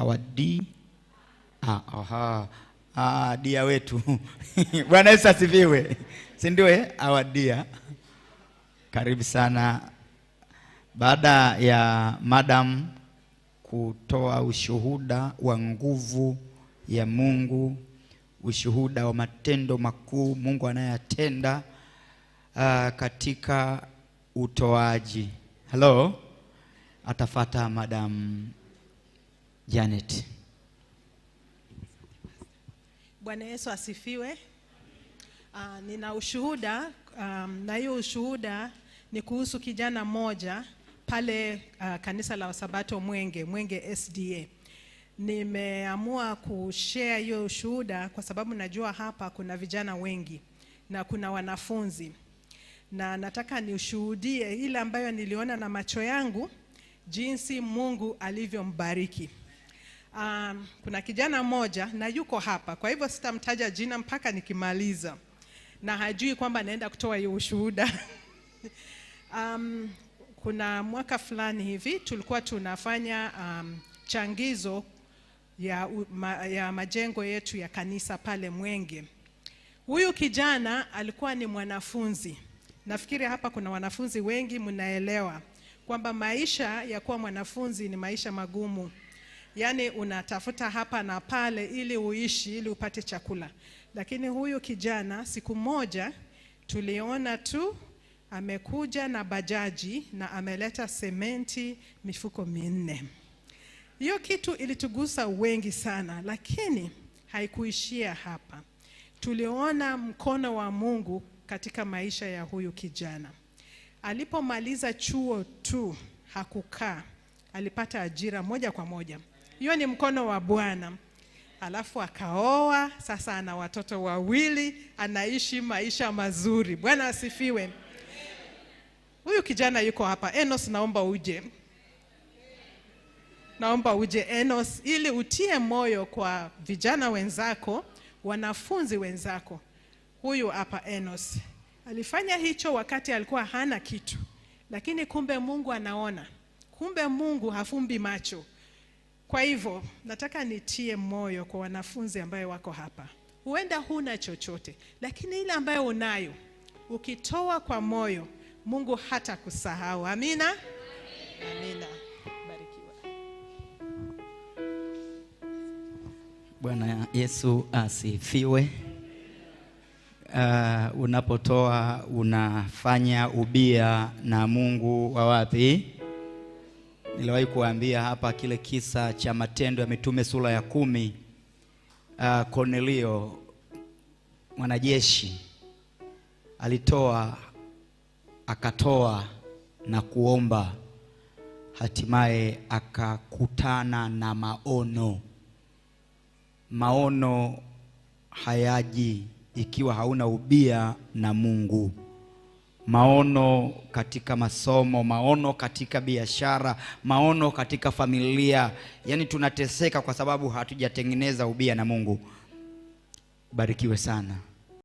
our D ah, aha. Ah, dia wetu Bwana Yesu asifiwe, si ndio? Eh? Our dia, karibu sana. Baada ya madam kutoa ushuhuda wa nguvu ya Mungu, ushuhuda wa matendo makuu Mungu anayatenda uh, katika utoaji. Hello, atafata madam Janet. Bwana Yesu asifiwe. Uh, nina ushuhuda um, na hiyo ushuhuda ni kuhusu kijana mmoja pale uh, kanisa la Wasabato Mwenge, Mwenge SDA. Nimeamua kushare hiyo ushuhuda kwa sababu najua hapa kuna vijana wengi na kuna wanafunzi, na nataka niushuhudie ile ambayo niliona na macho yangu, jinsi Mungu alivyombariki um, kuna kijana mmoja na yuko hapa, kwa hivyo sitamtaja jina mpaka nikimaliza, na hajui kwamba naenda kutoa hiyo ushuhuda um, kuna mwaka fulani hivi tulikuwa tunafanya um, changizo ya, ma, ya majengo yetu ya kanisa pale Mwenge. Huyu kijana alikuwa ni mwanafunzi. Nafikiri hapa kuna wanafunzi wengi mnaelewa kwamba maisha ya kuwa mwanafunzi ni maisha magumu yaani unatafuta hapa na pale ili uishi, ili upate chakula. Lakini huyu kijana siku moja tuliona tu amekuja na bajaji na ameleta sementi mifuko minne. Hiyo kitu ilitugusa wengi sana, lakini haikuishia hapa. Tuliona mkono wa Mungu katika maisha ya huyu kijana. Alipomaliza chuo tu hakukaa, alipata ajira moja kwa moja hiyo ni mkono wa Bwana. Alafu akaoa, sasa ana watoto wawili, anaishi maisha mazuri. Bwana asifiwe. Huyu kijana yuko hapa. Enos, naomba uje, naomba uje Enos, ili utie moyo kwa vijana wenzako, wanafunzi wenzako. Huyu hapa Enos alifanya hicho wakati alikuwa hana kitu, lakini kumbe Mungu anaona, kumbe Mungu hafumbi macho. Kwa hivyo nataka nitie moyo kwa wanafunzi ambayo wako hapa. Huenda huna chochote, lakini ile ambayo unayo ukitoa kwa moyo, Mungu hata kusahau. Amina, amina. Barikiwa. Bwana Yesu asifiwe. Uh, unapotoa unafanya ubia na Mungu wa wapi? Niliwahi kuambia hapa kile kisa cha Matendo ya Mitume sura ya kumi, uh, Kornelio mwanajeshi alitoa akatoa na kuomba, hatimaye akakutana na maono. Maono hayaji ikiwa hauna ubia na Mungu maono katika masomo, maono katika biashara, maono katika familia. Yaani tunateseka kwa sababu hatujatengeneza ubia na Mungu. Barikiwe sana.